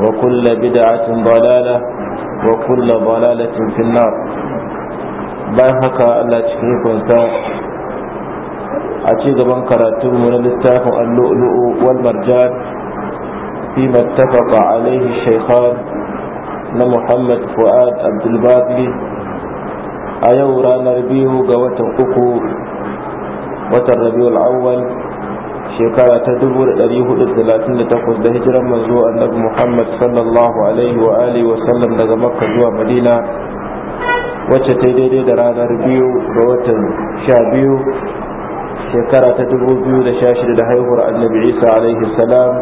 وكل بدعة ضلالة وكل ضلالة في النار bayan haka Allah cikin ikonsa a ci gaban karatunmu na littafin allu'lu'u wal marjan fi mattafaqa alaihi shaykhan na Muhammad Fuad Abdul a yau ranar biyu ga watan uku watan Rabiul Awwal shekara ta 438 da hijiran manzo annabi Muhammad sallallahu alaihi wa alihi wa sallam daga Makka zuwa Madina wacce ta daidai da ranar biyu ga watan sha biyu shekara ta 2016 da haihuwar annabi Isa alaihi salam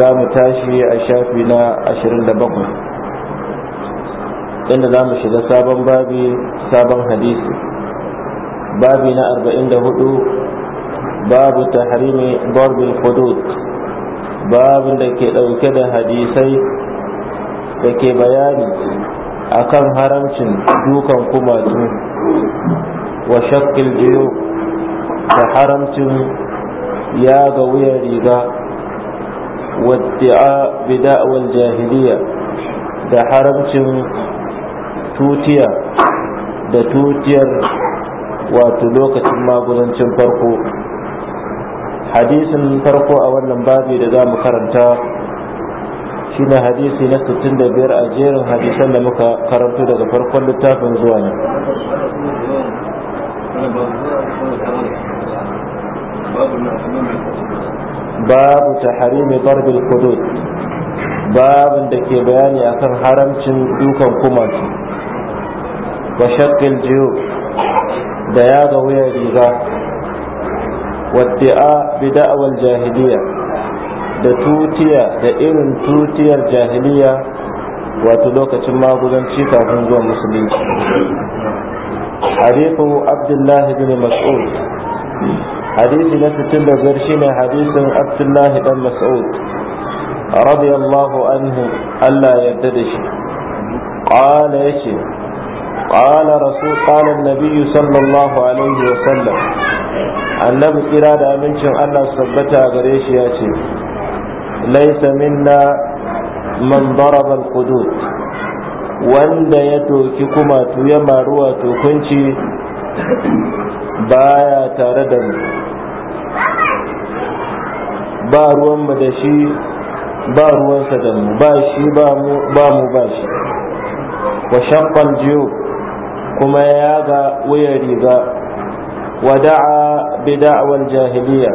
za mu tashi a shafi na 27 inda za mu shiga sabon babi sabon hadisi babi na 44 babu tahrimi darbin hudud babin da ke ɗauke da hadisai da ke bayani akan haramcin dukan kumatu wa shakkil biyu da haramcin ya ga wuyan riga wadda'a bida'awar jahiliya da haramcin tutiya da tutiyar wato lokacin magunancin farko hadisin farko a wannan babi da za mu karanta shi shine hadisi na biyar a jerin hadisan da muka karantu daga farkon littafin zuwa ne. babu ta taharimi barbil kudus babin da ke bayani akan haramcin dukan kuma ba shakil jiyo da yaga wuyan riga wadda'a bida'awar jahiliya da tutiya da irin tutiyar jahiliya wato lokacin magudanci kafin zuwa musulunci hadithu abdullahi bin mas'ud hadisi na da 65 shine hadisin abdullahi dan mas'ud radiyallahu anhu Allah ya yarda da shi qala yace qala rasul qala an-nabiy sallallahu alaihi wa sallam annabi kira da amincin Allah su tabbata gare shi ya ce laisa minna man daraba al wanda ya doki kumatu ya maruwa tokunci baya tare da mu ba ruwanmu da shi ba ruwansa da mu ba shi ba mu ba shi wa shaqqal jiyo kuma ya ga wuyan riga wa da'a bi jahiliya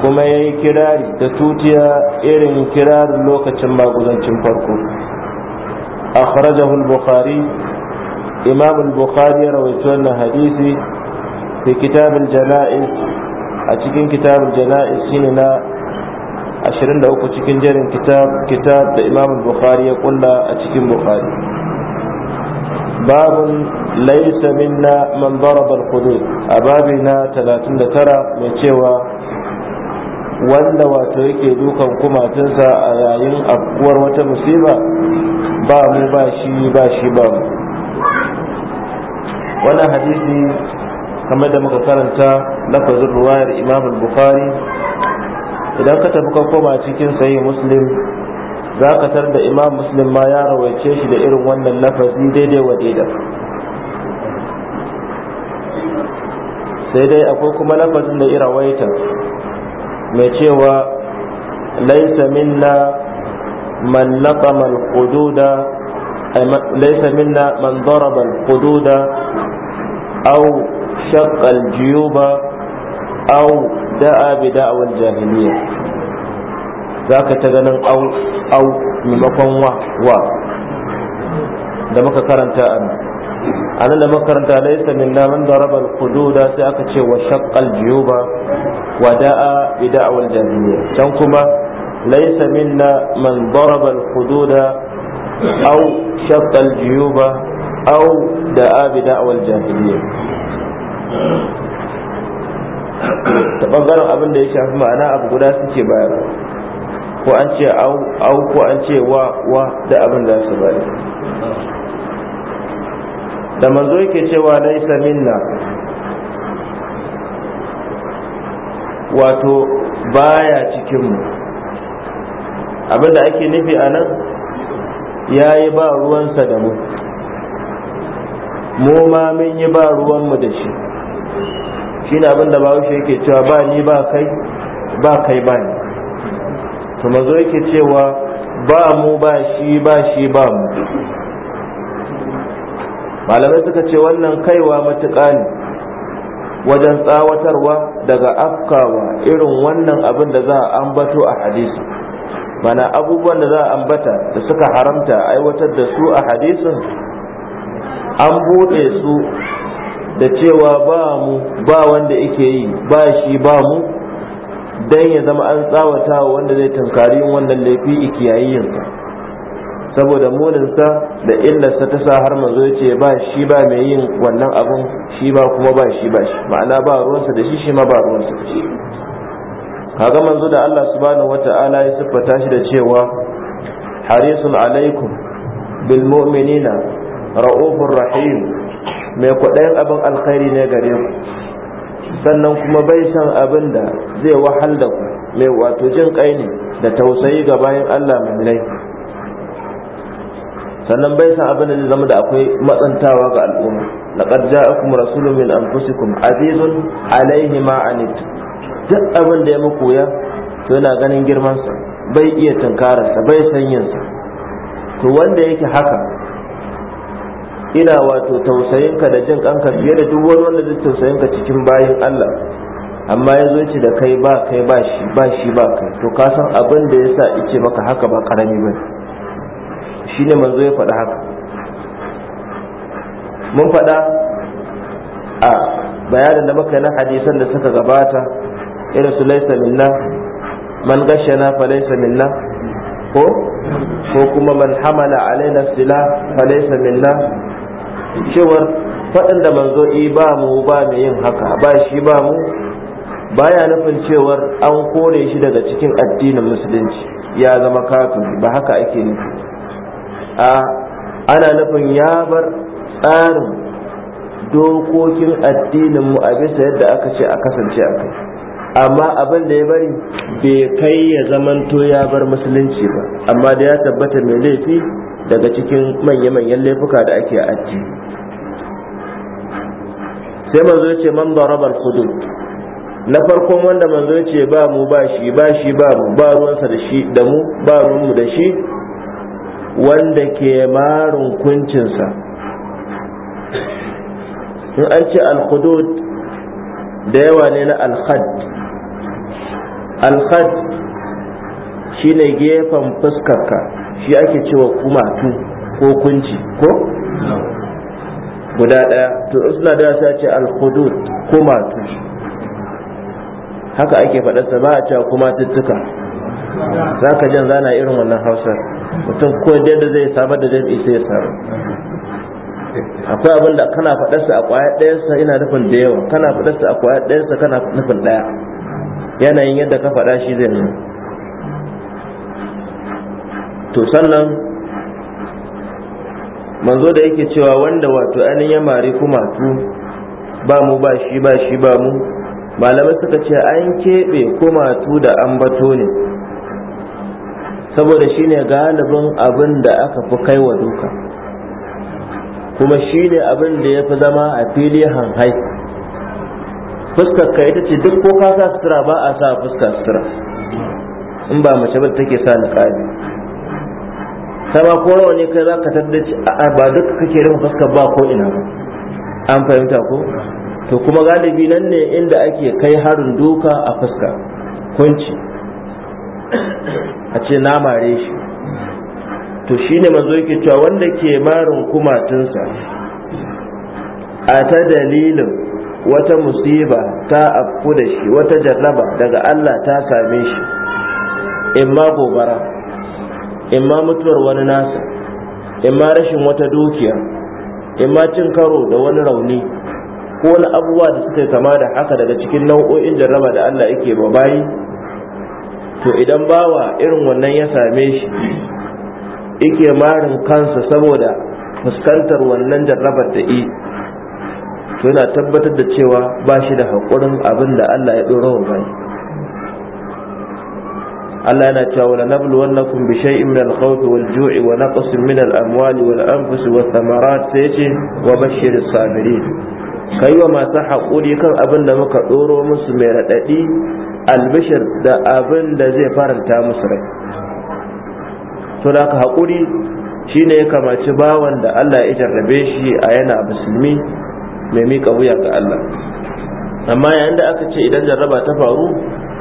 kuma yayi kirari da tutiya irin kirar lokacin maguzancin farko akhrajahu al-bukhari imam al-bukhari rawaito wannan hadisi fi kitab al a cikin kitab al-jana'iz shine na 23 cikin jerin kitab da imam al-bukhari ya kulla a cikin bukhari babun ليس منا من ضرب الحدود hudud a babi mai cewa wanda wato yake dukan kumatunsa a yayin afkuwar wata musiba ba mu ba shi ba shi ba mu hadisi kamar da muka karanta lafazin ruwayar imam bukhari idan ka tafi ka koma cikin sahih muslim za ka tar da imam muslim ma ya rawaice shi da irin wannan lafazi daidai wa daidai sai dai akwai kuma lafazin da irawaita mai cewa laisa minna man laqama al-hududa laisa minna man daraba al-hududa aw shaqqa al-juyuba aw da'a bi da'wa al za ka ta ganin au au maimakon wa wa da muka karanta a nan a nan da muka karanta laisa min namun da rabar kududa sai aka ce wa shakkal jiyuba wa da'a bi da'awar jahiliya can kuma laisa minna man daraba al-hududa aw shaqqa al-juyuba aw da'a bi da'wa al-jahiliyya ta bangaren abin da ya shafi ma'ana abu guda suke bayarwa ko an ce au ko an ce wa wa da abin da su bari da manzo yake cewa laisa minna wato baya cikinmu abin da ake nufi a nan ya yi ba ruwansa da mu mu ma mun yi ba ruwanmu da shi shi ne abin da yake cewa ba ni ba kai ba kai ba ni to mazo yake cewa ba mu ba shi ba shi ba mu malamai suka ce wannan kaiwa matuƙa ne wajen tsawatarwa daga afkawa irin wannan abin da za a ambato a hadisi mana abubuwan da za a ambata da suka haramta aiwatar da su a hadisin an buɗe su da cewa ba mu ba wanda yake yi ba shi ba mu dan ya zama an tsawata wanda zai tunkari wannan laifi ikiyayin saboda muninsa da illarsa ta sa har manzo ya ce ba shi ba mai yin wannan abun shi ba kuma ba shi ba shi ma'ana ba ruwansa da shi shi ma ba ruwansa da shi kaga manzo da Allah subhanahu wata'ala ya siffata shi da cewa harisun alaikum bil mu'minina ra'ufur rahim mai kwaɗayin abin alkhairi ne gare ku sannan kuma bai san abin da zai wahal da ku mai wato jin kai ne da tausayi ga bayan Allah mu'minai sannan bai san abin da zai zama da akwai matsantawa ga al'umma laqad ja'akum rasulun min anfusikum azizun alayhi ma anit duk abin da ya muku ya to yana ganin girman sa bai iya tunkararsa bai san yin sa to wanda yake haka ina wato tausayinka da jin kanka fiye da duk wani wanda zai ka cikin bayin Allah amma ya zo ce da kai ba kai ba shi ba shi ba kai to ka san abin da yasa ice maka haka ba karami ba shine manzo ya faɗa haka mun faɗa a bayanin da muka yi na hadisan da suka gabata irin su laisa minna man gashana fa laisa minna ko ko kuma man hamala alaina sila fa laisa minna cewar faɗin da manzo i ba mu ba mu yin haka ba shi ba mu baya nufin cewar an kone shi daga cikin addinin musulunci ya zama kafin ba haka ake nufi a ana nufin ya bar tsarin dokokin addinin mu a bisa yadda aka ce a kasance a kai amma abin da ya bari bai kai ya zamanto ya bar musulunci ba amma da ya tabbata mai laifi daga cikin manya-manyan laifuka da ake aji sai manzo ya ce man na farko wanda manzo ya ce ba mu ba shi ba shi ba mu ba ruwansa da shi da mu ba ruwanmu da shi wanda ke marin kuncinsa in an ce al-hudud da yawa ne na al-khad al-khad shine gefen fuskarka shi ake cewa kumatu ko kunci ko guda ɗaya to suna da sai ce al-hudud kumatu haka ake faɗarsa ba a cewa kuma tuttuka za ka jan zana irin wannan hausar mutum ko da zai samar da jam'i sai ya samu akwai abin da kana faɗarsa a ƙwayar ɗayansa ina nufin da yawa kana faɗarsa a ƙwayar ɗayansa kana nufin ɗaya yanayin yadda ka faɗa shi zai nuna to sannan manzo da yake cewa wanda wato ainihin ya mari kumatu ba mu ba shi ba shi ba mu malamai suka ce an keɓe kumatu da ambato ne saboda shine galibin abin da aka fi kai wa duka kuma shine abin da ya fi zama a fili hanhai fuskar ka ita ce duk ko ka sa sutura ba a sa fuskar sutura in ba mace ba take sa niqabi sama ko rawa ne kai zaka taddace ba duka kake rufe fuskar ba ko ina ba an fahimta ko to kuma galibi nan ne inda ake kai harin duka a fuska kunci a ce na mare shi to shine mazo yake cewa wanda ke marin kumatunsa a ta dalilin wata musiba ta afu da shi wata jarraba daga Allah ta same shi in ma gobara in ma mutuwar wani nasa in ma rashin wata dukiya in ma cin karo da wani rauni ko wani abubuwa da suka kama da haka daga cikin nau'o'in jarraba da Allah yake ba bayi to idan bawa irin wannan ya same shi yake marin kansa saboda fuskantar wannan jarrabar da yi, to yana tabbatar da cewa ba shi da haƙurin abin da Allah ya ɗora wa bayi Allah yana cewa la nabluwannakum bi shay'in min al-khawf wal-ju'i wa naqsin min al-amwali wal-anfus wath-thamarat sai yace wa bashshiris sabirin kai wa masu haƙuri kan abin da muka ɗoro musu mai raɗaɗi albishir da abin da zai faranta musu rai to da haƙuri shi ne ya kamaci bawan da Allah ya jarrabe shi a yana musulmi mai miƙa wuya ga Allah amma yayin da aka ce idan jarraba ta faru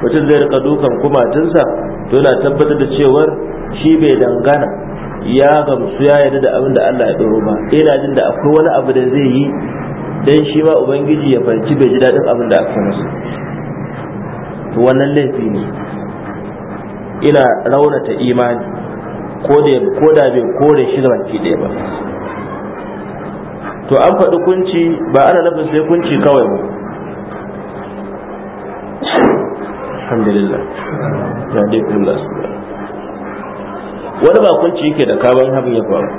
mutum zai rika dukan kumatinsa to yana tabbatar da cewar shi bai dangana ya gamsu ya yarda da abin da Allah ya doro ba ina jin da akwai wani abu da zai yi dan shi ma ubangiji ya farci bai ji dadin abin da aka masa to wannan laifi ne ina raunata imani ko da ko da bai kore shi da baki ɗaya ba to an faɗi kunci ba ana nufin sai kunci kawai ba alhamdulillah ya dai kun da su wani bakunci yake da kaban habin ya faru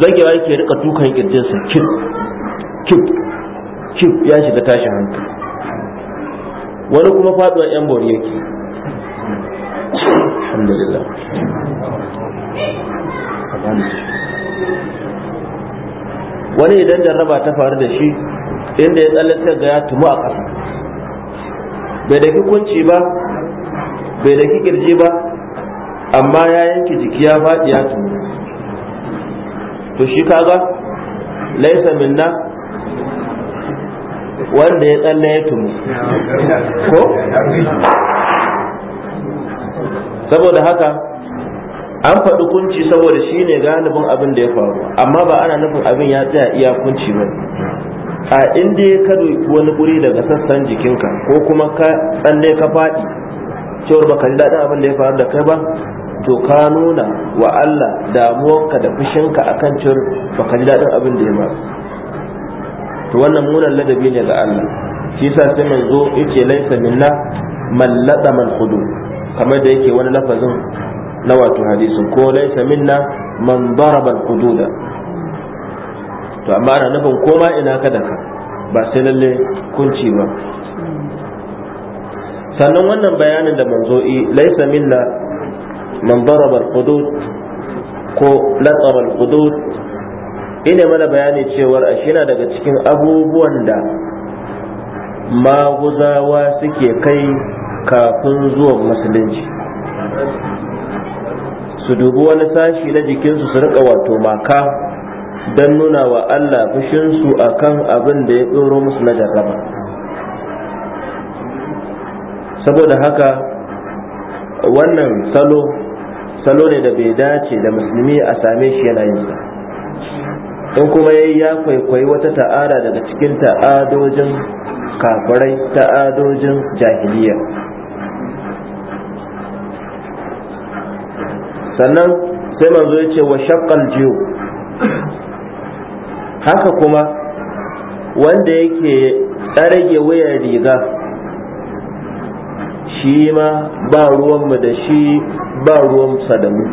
zagewa yake rika dukan sa kip kip kip ya shiga tashin hankali wani kuma faduwar yan bori yake alhamdulillah wani idan jarraba ta faru da shi inda ya tsallace ga ya tumu a ƙasa bai da kunci ba bai da kirji ba amma ya yanki jiki ya faɗi ya to shi kaga laisa minna wanda ya tsalle ya tumu ko saboda haka an faɗi kunci saboda shi ne galibin abin da ya faru amma ba ana nufin abin ya tsaya iya kunci ba a inda ya ka doki wani guri daga sassan jikinka ko kuma ka tsalle ka faɗi cewar baka ji daɗin abin da ya faru da kai ba to ka nuna wa Allah damuwarka da fushinka a akan cewar baka ji daɗin abin da ya ba to wannan munan ladabi ne ga Allah shi yasa sai zo yake laisa minna man lada man hudu kamar da yake wani lafazin na wato hadisin ko laisa minna man daraba al-hududa to amma ana nufin koma ina ka da ka ba sai lalle kunci ba sannan wannan bayanin da manzo'i laisa minna man daraba al ko latsara al ina mana bayani cewar a shi daga cikin abubuwan da maguzawa suke kai kafin zuwa musulunci su dubi wani sashi na jikinsu su rika wato maka don nuna wa Allah fushinsu a kan abin da ya tsoro musu na jarraba saboda haka wannan salo salo ne da bai dace da musulmi a same shi yana yin in kuma yayi ya kwaikwayi wata ta'ada daga cikin ta'adojin kafirai ta'adojin jahiliya sannan sai manzo ya ce wa shaqqal jiyo haka kuma wanda yake tsarage wayar riga shi ma ba ruwanmu da shi ba ruwan sadamu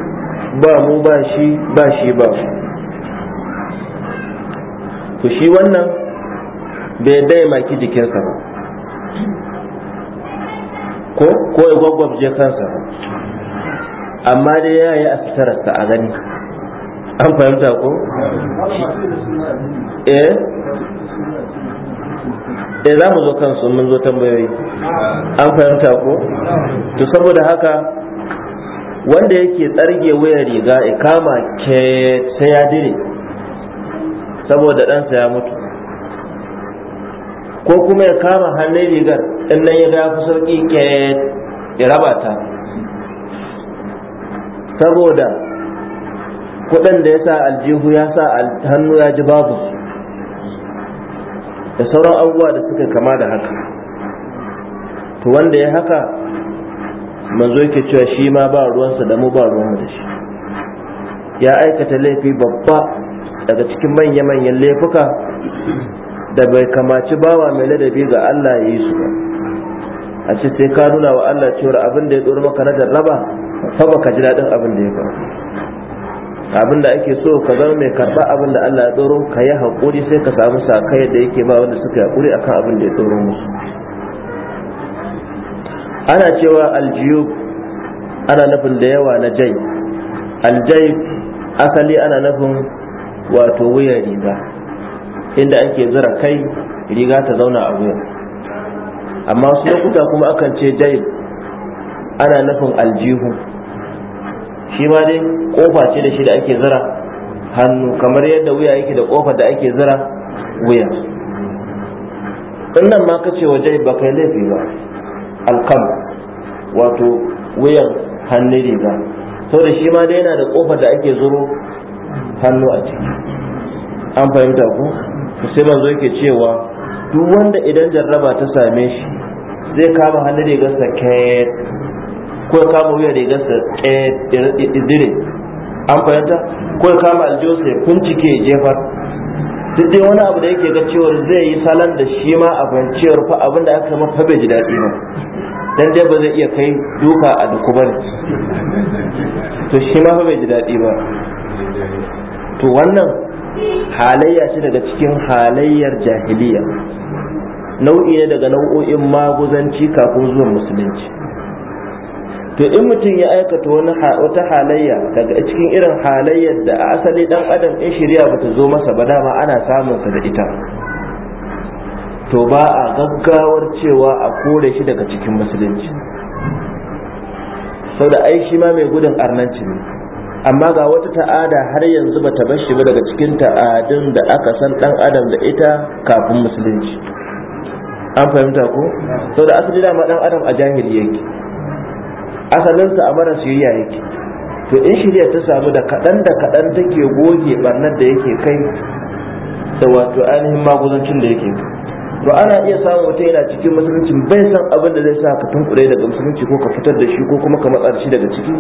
ba mu ba shi ba shi ba ku shi wannan bai dai maki jikinsa ba ko ko ya gwagwabje kansa ba amma dai ya yi a fitararsa a gani an fahimta ko eh eh za mu zo kansu mun zo tambayoyi an fahimta ko to saboda haka wanda yake tsarge wayar riga ya kama ke sai ya dire saboda ɗansa ya mutu ko kuma ya kama hannun rigar in nan ya dafa fi sauƙi ke ya raba ta saboda kuɗin da ya sa aljihu ya sa hannu ya ji babu da sauran abubuwa da suka kama da haka to wanda ya haka manzo yake cewa shi ma ba ruwansa da mu ba ruwanmu da shi ya aikata laifi babba daga cikin manya-manyan laifuka da bai kamaci bawa mai ladabi ga Allah ya yi su ba a ce sai ka nuna wa Allah cewa abin da ya tsoro maka na jarraba fa baka ji daɗin abin da ya faru abin da ake so ka zama mai karɓa abin da Allah ya tsoro ka yi haƙuri sai ka samu sakai da yake ba wanda suka haƙuri akan abin da ya tsoro musu ana cewa aljiyu ana nufin da yawa na jai aljai asali ana nufin wato wuyan riga inda ake zura kai riga ta zauna a wuyan amma wasu lokuta kuma akan ce jai ana nufin aljihu shi ma dai kofa ce da shi da ake zira hannu kamar yadda wuya yake da kofa da ake zira wuya nan ma ka ce waje ba kai laifi ba alkam wato wuyan hannun riga sau da shi ma dai yana da kofa da ake zuro hannu a ciki an fahimta ku sai manzo yake cewa duk wanda idan jarraba ta same shi zai kama hannun rigarsa kai ko ya kama wuya rigarsa eh, dire an fahimta ko ya kama aljosa ya kuncike ya jefar duk dai wani abu da yake ga cewar zai yi salon da shi ma a fahimciyar fa abin da aka mafa bai ji daɗi ba dan dai ba zai iya kai duka a duku ba to shi ma fa bai ji daɗi ba to wannan halayya ce daga cikin halayyar jahiliya nau'i ne daga nau'o'in maguzanci kafin zuwan musulunci to in mutum ya aikata wani wata halayya daga cikin irin halayyar da a asali dan adam in shirya bata zo masa ba dama ana samun sa da ita to ba a gaggawar cewa a kore shi daga cikin musulunci sau da ai shi ma mai gudun arnanci ne amma ga wata ta'ada har yanzu bata bar shi ba daga cikin ta'adun da aka san dan adam da ita kafin musulunci an fahimta ko sau da asali dama dan adam a jahiliyyar asalinsa a mara yi yake to in shirya ta samu da kaɗan da kaɗan take goge barnar da yake kai da wato ainihin maguzancin da yake kai to ana iya samun wata yana cikin musulunci bai san abin da zai sa ka tunkure daga musulunci ko ka fitar da shi ko kuma ka matsa shi daga ciki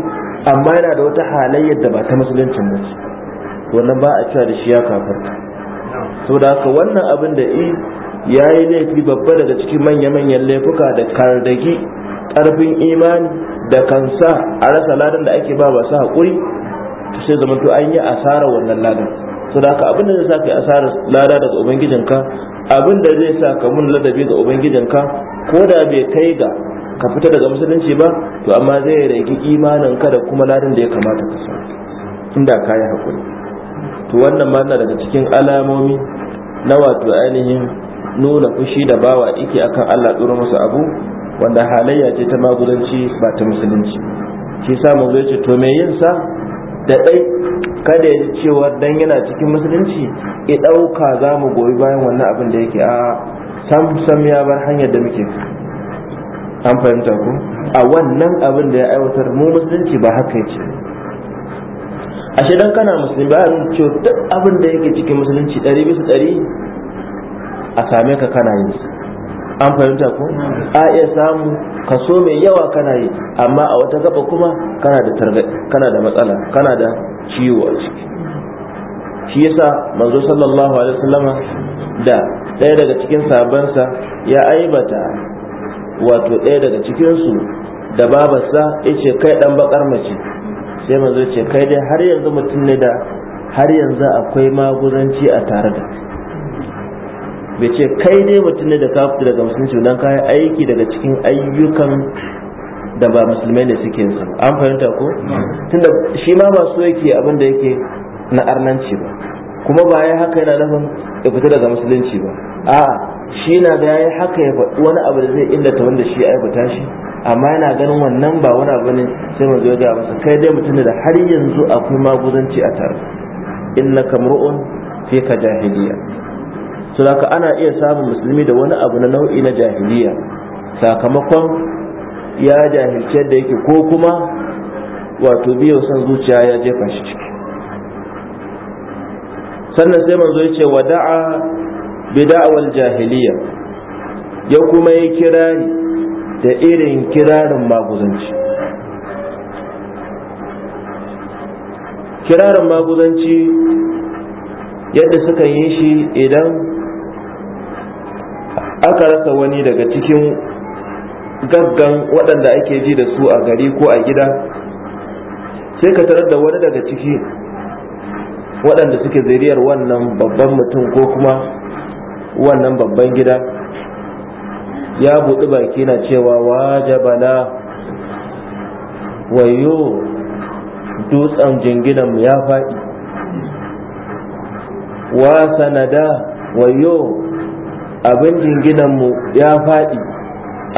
amma yana da wata halayyar da ba ta musuluncin ba wannan ba a cewa da shi ya kafarta saboda haka wannan abin da i ya yi laifi babba daga cikin manya-manyan laifuka da kardagi ƙarfin imani da kansa a rasa ladan da ake ba hakuri haƙuri sai zama to an yi asara wannan ladan so da abin da zai sa ka yi asara lada daga ubangijinka abin da zai sa ka mun ladabi ga ubangijinka ko da bai kai ga ka fita daga musulunci ba to amma zai rage imanin ka da kuma ladan da ya kamata ka samu inda ka yi haƙuri to wannan ma na daga cikin alamomi na wato ainihin nuna fushi da bawa ike akan Allah tsoro masa abu wanda halayya ce ta magudanci ba ta musulunci shi sa mu zo ce to me yin sa da dai kada ya cewa dan yana cikin musulunci ya dauka za mu goyi bayan wannan abin da yake a sam sam ya bar hanyar da muke an fahimta ku a wannan abin da ya aiwatar mu musulunci ba haka yake ashe dan kana musulmi ba yin cewa duk abin da yake cikin musulunci 100 bisa 100 a same ka kana yin sa an fahimta ko a iya samu kaso mai yawa kana yi amma a wata gaba kuma kana da tarbe kana da matsala kana da ciwo a ciki shi yasa manzo sallallahu alaihi wasallama da ɗaya daga cikin sabansa ya aibata wato ɗaya daga cikinsu da babarsa yace kai ɗan bakar mace sai manzo ce kai dai har yanzu mutum ne da har yanzu akwai maguzanci a tare da bai ce kai ne mutum ne da ka fita daga musulunci ka yi aiki daga cikin ayyukan da ba musulmai ne suke yinsa an fahimta ko tunda shi ma ba so yake abin da yake na arnanci ba kuma ba ya haka yana nufin ya fita daga musulunci ba a shi na ya yi haka ya faɗi wani abu da zai illata wanda shi ya aibata shi amma yana ganin wannan ba wani abu ne sai mu ya ga masa kai dai mutum ne da har yanzu akwai maguzanci a tare innaka mar'un fi ka jahiliya saboda ana iya samun musulmi da wani abu na nau'i na jahiliya sakamakon ya jahilce da yake ko kuma wato biyo san zuciya ya jefa shi ciki sannan sai manzo ya ce wada'a bida'awal jahiliya ya kuma yi kirari da irin kirarin maguzanci kirarin maguzanci yadda suka yi shi idan aka rasa wani daga cikin gaggan waɗanda ake ji da su a gari ko a gida sai ka tarar da wani daga ciki waɗanda suke ziriyar wannan babban mutum ko kuma wannan babban gida ya buɗi baki na cewa wajabala wayo dutsen jinginanmu ya faɗi wa sanada wayo abin jinginanmu ya faɗi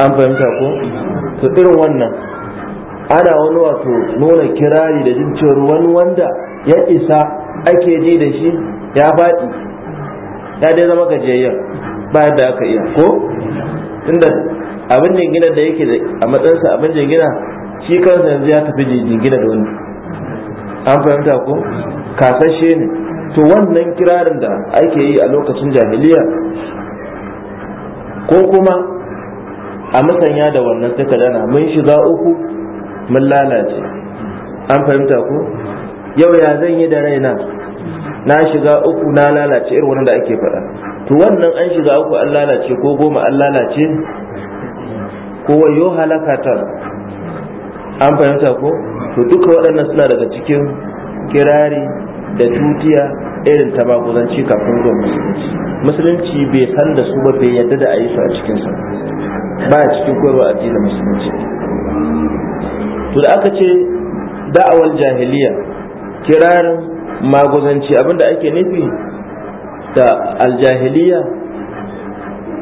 an fahimta ko to irin wannan ana wani wato nuna kirari da jin cewar wani wanda ya isa ake ji da shi ya faɗi ya dai zama gajiyayyen bayan da aka iya ko tunda abin jingina da yake a matsayinsa abin jingina shi kansa yanzu ya tafi jingina da wani an fahimta ko kasashe ne to wannan kirarin da ake yi a lokacin jahiliya ko kuma a musanya da wannan suka dana mun shiga uku mun lalace an fahimta ko yau ya zan yi da raina na shiga uku na lalace irin wannan da ake faɗa to wannan an shiga uku an lalace ko goma an lalace ko wayo halakatan an fahimta ko to duka waɗannan suna daga cikin kirari da tutiya irin ta baguzanci kafin zuwa musulunci musulunci bai san da su ba bai yadda da a yi su a cikinsa ba a cikin koyarwa addinin musulunci to da aka ce da'awar jahiliya kirarin maguzanci abinda ake nufi da aljahiliya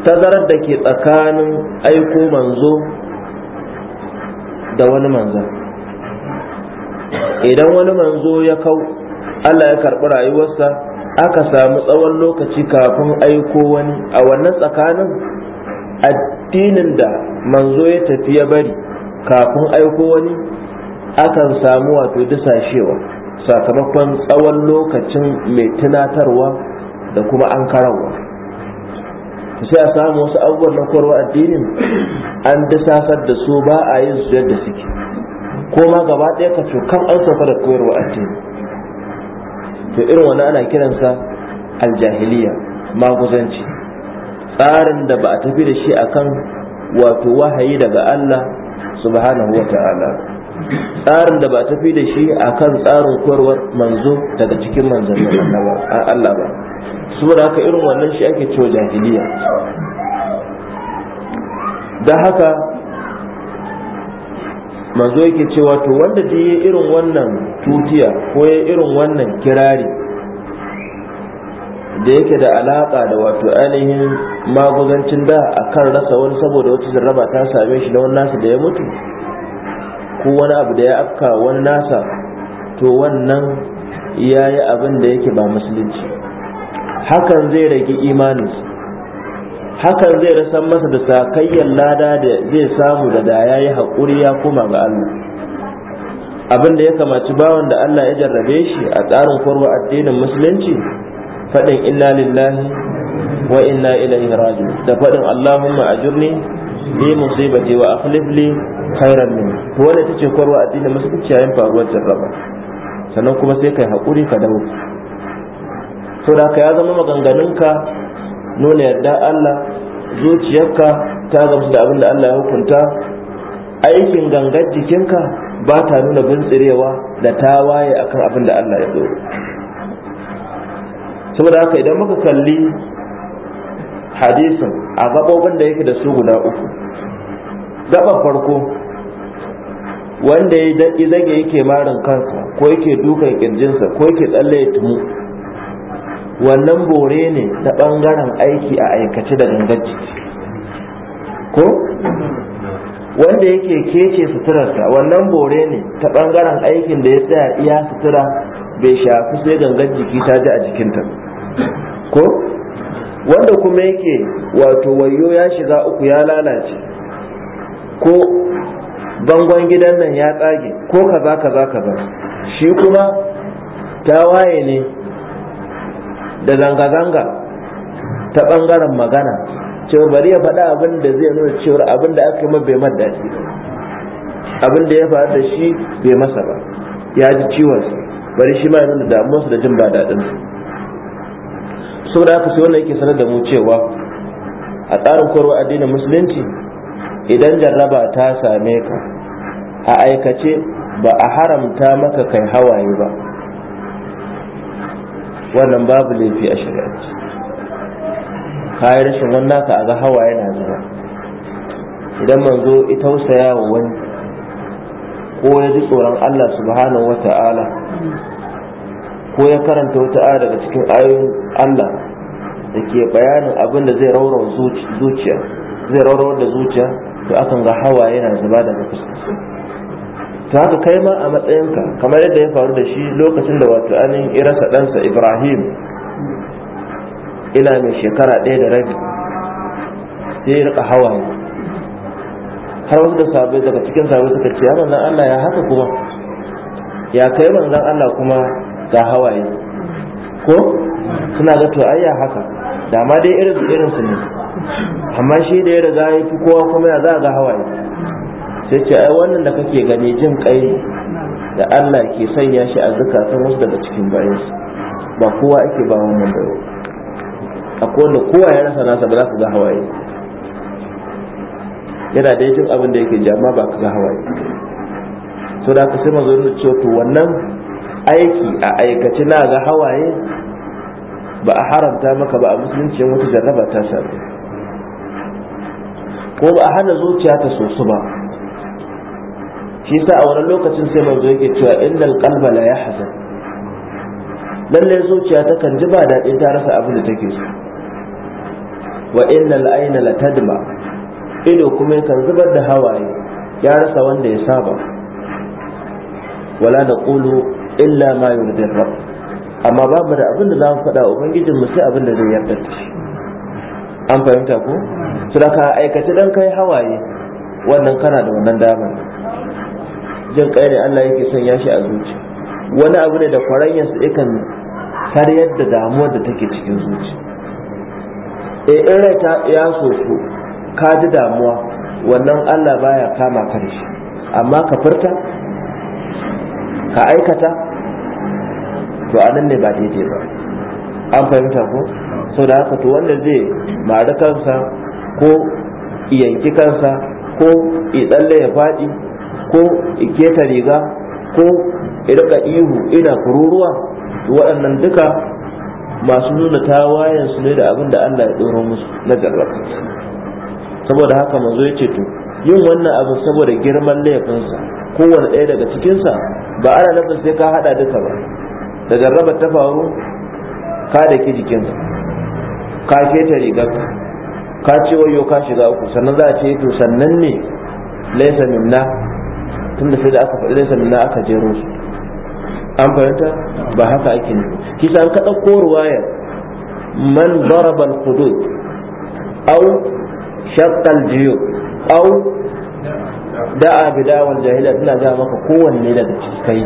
tazarar da ke tsakanin aiko manzo da wani manzo, idan wani manzo ya kau Allah ya karɓi rayuwarsa aka samu tsawon lokaci kafin aiko wani a wannan tsakanin addinin da manzo ya tafi ya bari kafin aiko wani akan samu wato dusashewa sakamakon tsawon lokacin mai tunatarwa da kuma an karawa sai a samu wasu abubuwan na korwa addinin an disasar da su ba a yin su yadda suke ko gaba ɗaya ka kan an sauka da koyarwa addini to irin wani ana kiransa aljahiliya maguzanci tsarin da ba a tafi da shi akan wato wahayi daga Allah subhanahu wa tsarin da ba a tafi da shi akan tsarin koyarwar manzo daga cikin manzannin Allah ba saboda haka irin wannan shi ake cewa jahiliya da haka manzo yake cewa to wanda da ya irin wannan tutiya ko ya irin wannan kirari da yake da alaka da wato ainihin magugancin da a kan rasa wani saboda wata zarraba ta same shi da wani nasa da ya mutu ko wani abu da ya afka wani nasa to wannan ya yi abin da yake ba musulunci hakan zai rage imaninsa hakan zai rasa masa da sakayyar lada da zai samu da da ya yi haƙuri ya koma ga Allah abin da ya kamaci bawan da Allah ya jarrabe shi a tsarin korwa addinin musulunci faɗin inna lillahi wa inna ilaihi raji'un da faɗin Allahumma ajurni bi musibati wa akhlif li khairan min to wanda tace korwa addinin musulunci yayin faruwar jarraba sannan kuma sai kai haƙuri ka dawo to da ka ya zama maganganunka nuna yarda Allah zuciyarka ta gamsu da abin da Allah ya hukunta aikin gangar jikinka ba ta nuna bintsirewa da ta tawaye akan abin da Allah ya tsoro saboda haka idan muka kalli hadisin a gabobin da yake da su guda uku gaban farko wanda ya zage yake marin kansa ko yake dukan kirjinsa ko yake tsalle ya tumu wannan bore ne ta bangaren aiki a aikace da gangar jiki ko wanda yake kece suturarsa wannan bore ne ta bangaren aikin da ya tsaya iya sutura bai shafi sai gangar jiki ta ji a jikinta ko wanda kuma yake wato wayo ya shiga uku ya lalace ko bangon gidan nan ya tsage ko kaza kaza kaza shi kuma ta waye ne da zanga-zanga ta bangaren magana cewa bari ya faɗa abin da zai nuna cewa abin da aka yi ma bai mada shi abin da ya faru da shi bai masa ba ya ji ciwon bari shi ma ya nuna su da jin ba daɗin saboda haka sai wannan yake sanar da mu cewa a tsarin koyarwa addinin musulunci idan jarraba ta same ka a aikace ba a haramta maka kai hawaye ba wannan babu laifi a shari'arci kayan rashin wannan ka ga hawa yana zuba idan manzo ita wasa wa wani ko ya ji tsoron Allah subhanahu wata'ala ko ya karanta wata aya daga cikin ayoyin Allah da ke bayanin abin da zai raura zuciya zai raura da zuciya to akan ga hawa yana zuba daga fuskar ta haka kai ma a matsayinka kamar yadda ya faru da shi lokacin da wato anin irasa ɗansa ibrahim ina mai shekara ɗaya da rabi sai rika hawaye har wasu da sabai daga cikin sabai suka ce yaron nan allah ya haka kuma ya kai zan allah kuma ga hawaye ko suna ga to ai ya haka da ma dai irin irin su ne amma shi da ya riga ya fi kowa kuma ya za a ga hawaye sai ce ai wannan da kake gani jin kai da Allah ke sanya shi a zakatun wasu daga cikin su ba kowa ake ba wannan da akwai wanda kowa ya rasa nasa ba za ka ga hawaye yana da jin abin da yake jama ba ka ga hawaye to da ka sai mazo ne cewa to wannan aiki a aikace na ga hawaye ba a haramta maka ba a musulunci wata jarraba ta sami ko ba a hana zuciya ta sosu ba shi ta a wani lokacin sai manzo yake cewa innal qalba la yahzan lalle zuciya ta kan ji ba daɗi ta rasa abin da take so wa innal ayna la tadma ido kuma kan zubar da hawaye ya rasa wanda ya saba wala naqulu illa ma yurdi rabb amma babu da abin da za mu faɗa ubangijin mu sai abin da zai yarda da shi an fahimta ko su da ka aikace dan kai hawaye wannan kana da wannan damar jin kai ne Allah yake sanya shi a zuci wani abu ne da kwaranyar su yakan karyar da damuwar da take cikin zuci eh in rai ta ya so su ka ji damuwa wannan Allah baya kama ka da shi amma ka furta ka aikata to a nan ne ba daidai ba an fahimta ko sau da haka to wanda zai mari kansa ko iyanki kansa ko tsalle ya faɗi ko iketa riga ko irka ihu ina kururuwa waɗannan duka masu nuna tawayen su ne da abin da Allah ya ɗora musu na jarraba saboda haka manzo ya ce to yin wannan abin saboda girman laifinsa kowane ɗaya daga cikinsa ba ana nufin sai ka haɗa duka ba da jarraba ta faru ka da ke jikinsa ka keta riga ka ce wayo ka shiga uku sannan za a ce to sannan ne laisa minna tun da sai da aka faɗi sannan na aka jero su an fahimta ba haka ake ne kisa an kaɗa ko ruwayar man daraba al au aw shaqqa al-juyub aw da'a bi da'wal jahila tana ga maka kowanne daga cikai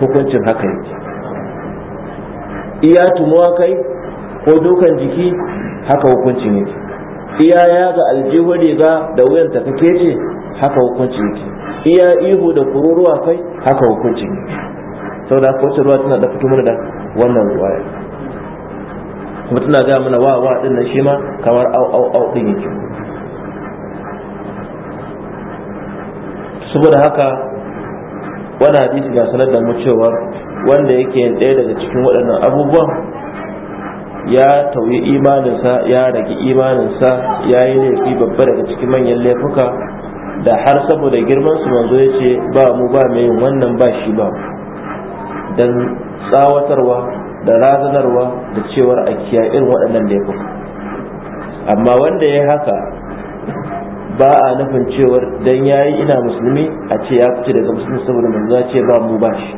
hukuncin haka yake iya tumuwa kai ko dukan jiki haka hukuncin yake iya ya ga aljihu ga da wuyan ta kake ce haka hukuncin yake iya ihu da kururuwa kai haka hukunci saboda haka wacce ruwa tana da fito mana da wannan ruwaya kuma tana gaya mana wa wa din nan shi ma kamar au au au din yake saboda haka wani hadisi ga sanar da mu cewa wanda yake yin ɗaya daga cikin waɗannan abubuwan ya tauye imaninsa ya rage imaninsa ya yi laifi babba daga cikin manyan laifuka da har saboda girman su manzo ya ce ba mu ba mai yin wannan ba shi ba dan tsawatarwa da razanarwa da cewar a kiya irin waɗannan laifin amma wanda ya haka ba a nufin cewar dan yayi ina musulmi a ce ya fice daga musulmi saboda manzo ya ce ba mu ba shi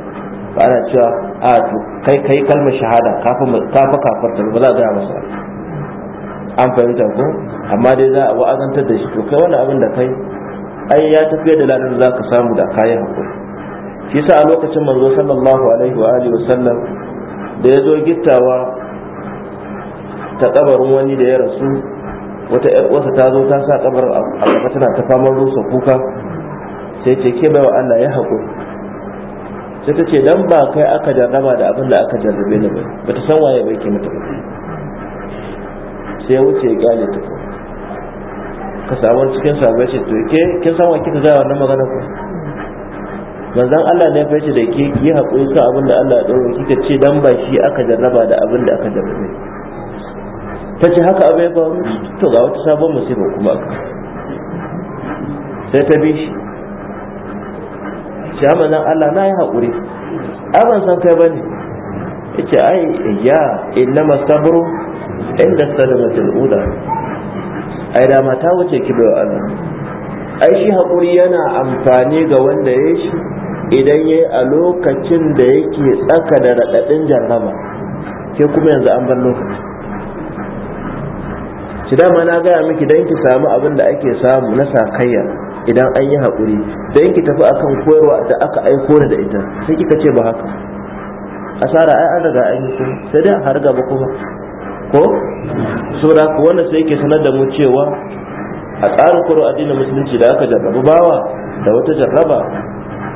ba ana cewa a to kai kai kalmar shahada ka kafa kafarta ba za ga masa an fahimta ko amma dai za a wa'azantar da shi to kai wani abin da kai ai ya tafiya da ladan za ka samu da kayan hakuri shi sa a lokacin manzo sallallahu alaihi wa alihi wasallam da ya zo gittawa ta kabarin wani da ya rasu wata yar uwarsa ta zo ta sa kabarin a kafa tana ta faman rusa kuka sai ce ke wa Allah ya hakuri sai ta ce dan ba kai aka jarraba da abin da aka jarrabe ne ba ta san waye bai ke mata sai ya wuce ya gane ta ka samu cikin sahabbai ce to ke kin san wa kika ga wannan magana ko manzon Allah ne fa yace da ke ki haƙuri kan abin da Allah ya dauke kika ce dan ba shi aka jarraba da abin da aka jarrabe ta ce haka abai ba to ga wata sabon musiba kuma aka sai ta bi shi ce manzon Allah na yi haƙuri aban san kai bane yace ai ya inna masabru inda sadamatul ula ai da ta wuce ki bai Allah ai shi hakuri yana amfani ga wanda ya shi idan ya a lokacin da yake tsaka da radadin jarraba ke kuma yanzu an bar lokaci ki dama na gaya miki dan ki samu abin da ake samu na sakayya idan an yi hakuri, dan ki tafi akan koyarwa da aka aiko da ita sai kika ce ba haka asara ai an riga an yi sai dai har ba kuma ko sura ko wannan sai yake sanar da mu cewa a tsarin kuro addinin musulunci da aka jarrabu bawa da wata jarraba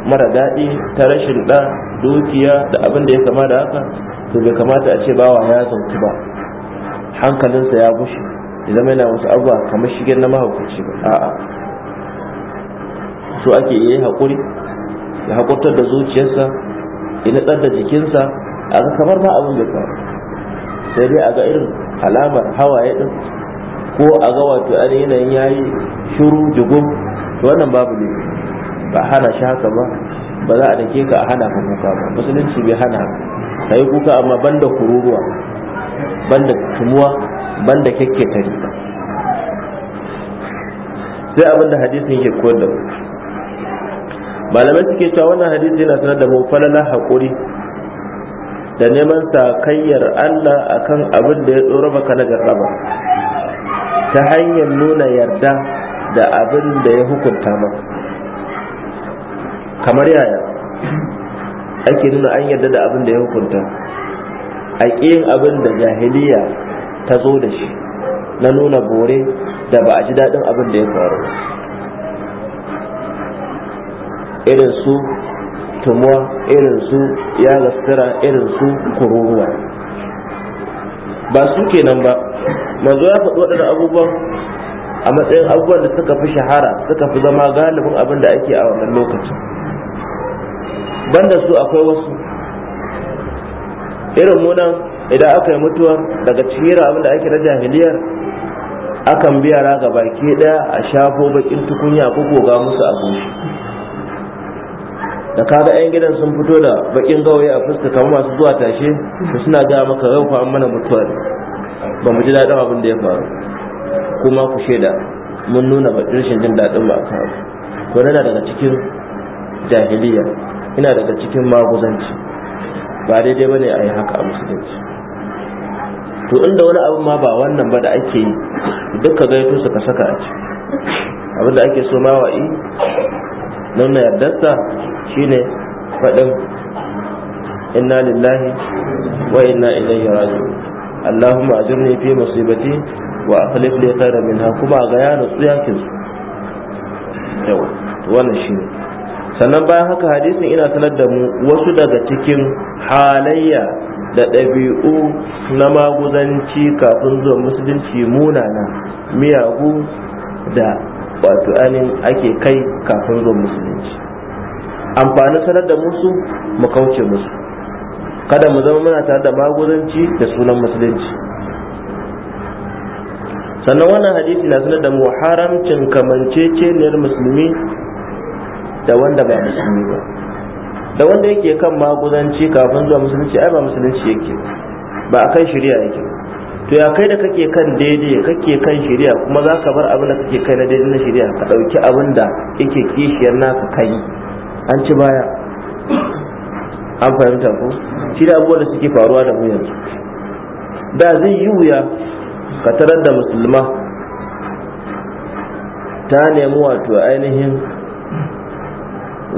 mara daɗi ta rashin ɗa dukiya da abin da ya kama da haka to bai kamata a ce bawa ya zauki ba hankalinsa ya gushe idan yana wasu abuwa kamar shigen na mahaukaci ba a'a so ake yi haƙuri ya haƙurtar da zuciyarsa ya natsar da jikinsa a kamar ba abin bai faru sai dai a ga irin alamar hawaye din ko a ga wato an yanayin yayi shiru jugum to wannan babu ne ba hana shi haka ba ba za a dake ka a hana ka kuka ba musulunci bai hana ka yi kuka amma banda kururuwa banda tumuwa banda kyakketari sai abin da hadisin ke koyar da malamai suke cewa wannan hadisi yana sanar da mu falala haƙuri da neman sakayyar Allah akan abin da ya tsoro maka na jarraba ta hanyar nuna yarda da abin da ya hukunta maka kamar yaya ake nuna an yarda da abin da ya hukunta a ƙin abin da jahiliya ta zo da shi na nuna bore da ba a ji daɗin abin da ya faru irin su tumuwa irin su ya gastara irin su kururuwa ba su kenan ba manzo ya faɗi waɗannan abubuwan a matsayin abubuwan da suka fi shahara suka fi zama galibin abin da ake a wannan lokacin banda su akwai wasu irin munan idan aka yi mutuwa daga cikin abin da ake na jahiliyar akan biya raga baki daya a shafo bakin tukunya ko goga musu a goshi da ka ga yan gidan sun fito da bakin gawayi a fuska kamar masu zuwa tashe su suna gaya maka yau fa mana mutuwa ba mu ji daɗin abin da ya faru kuma ku shaida mun nuna rashin jin daɗin ba a kawo to yana daga cikin jahiliya ina daga cikin maguzanci ba daidai ba ne a yi haka a musulunci to inda wani abu ma ba wannan ba da ake yi duka gaito su ka saka a ciki abin da ake so ma wa'i? nuna yardarsa shine faɗin inna lillahi wa inna ilaihi raji'un Allahumma ajirni fi musibati wa akhlif li khairan kuma ga ya nutsu yakin yau sannan bayan haka hadisin ina sanar da mu wasu daga cikin halayya da ɗabi'u na maguzanci kafin zuwa musulunci munana miyagu da wato anin ake kai kafin zuwa musulunci amfani sanar da musu mu kauce musu kada mu zama muna tare da maguzanci da sunan musulunci sannan wannan hadisi na sanar da mu haramcin kamanceceniyar musulmi da wanda ba musulmi ba da wanda yake kan maguzanci kafin zuwa musulunci ai ba musulunci yake ba a kan shari'a yake ba to ya kai da kake kan daidai kake kan shari'a kuma za ka bar abin da kake kai na daidai na shari'a ka ɗauki abin da yake kishiyar naka kai an ci baya an fahimta ko shi da abubuwan da suke faruwa da mu da zai yi wuya ka tarar da musulma ta nemi wato ainihin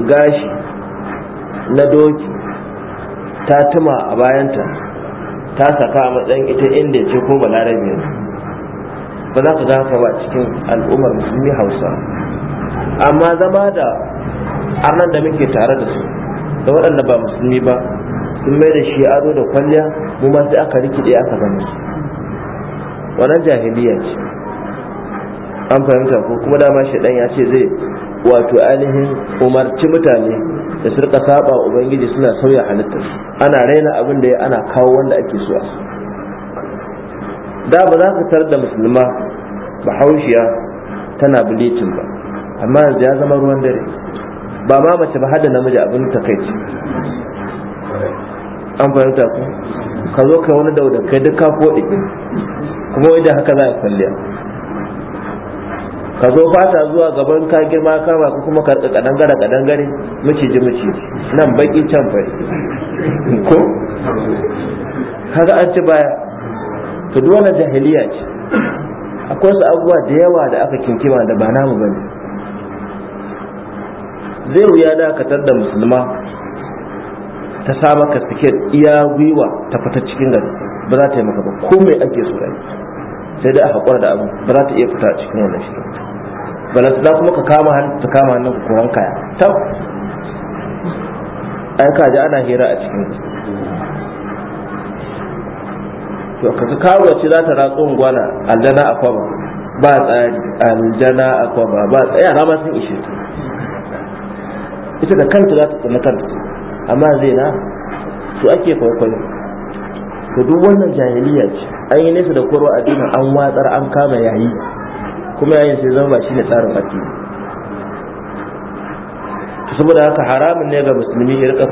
gashi na doki ta tuma a bayanta ta saka a matsayin ita inda ce ko balarabe ba za ku ba cikin al'ummar musulmi hausa amma zama da arnan da muke tare da su da waɗanda ba musulmi ba sun mai da shi ado da kwalliya mu ma sai aka rikide aka gani wannan jahiliya ce an fahimta ko kuma dama dan ya ce zai wato ainihin umarci mutane da su rika saba ubangiji suna sauya halittar ana raina abin da ya ana kawo wanda ake so a da ba za ka tar da musulma bahaushiya tana bilicin ba amma yanzu ya zama ruwan dare ba ma mace ba hada namiji abin ta ce an fahimta ku ka zo ka wani dauda kai duk ka koɗe kuma idan haka za a kwalliya ka zo fata zuwa gaban ka girma kama ka kuma ka kadan gara kadan gare miciji miciji nan baki can fari ko kaga an ci baya to duk jahiliya ce akwai su abubuwa da yawa da aka kinkima da ba namu ba ne. zai wuya dakatar da musulma ta sama ka siket iya gwiwa ta fita cikin gari ba za ta yi maka ba ko mai ake so sai dai a haƙura da abu ba za ta iya fita cikin wannan shirin balantana kuma ka kama hannu kama hannun ka koran kaya tau ai ka ji ana hira a cikin to ka kawo ci za ta ratsu gwana aljana a kwaba ba tsari aljana a kwaba ba tsari yara ma sun ishe ta ita da kanta za ta tsana kanta amma zai na su ake kwaikwayo to duk wannan jahiliya ce an yi nesa da korwa a an watsar an kama yayi kuma yayin sai zama ba shi ne tsarin addini saboda haka haramun ne ga musulmi ya rika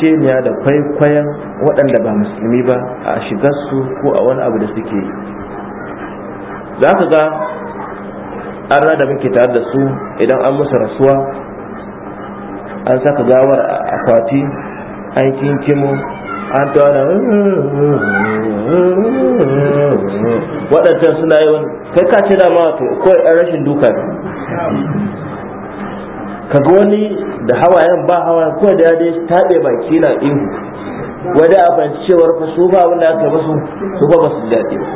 ce ne da kwaikwayon waɗanda ba musulmi ba a shigar su ko a wani abu da suke yi za ka ga an da muke tare da su idan an musu rasuwa an saka gawar akwati an kinkimo an ta wani waɗancan suna yi wani kai ka ce dama ko ɗan rashin duka ka ga wani da hawayen ba hawayen ko da ya dai taɓe baki na ihu wadda a fahimci cewar fa su ba abin da aka masu su ba basu daɗi ba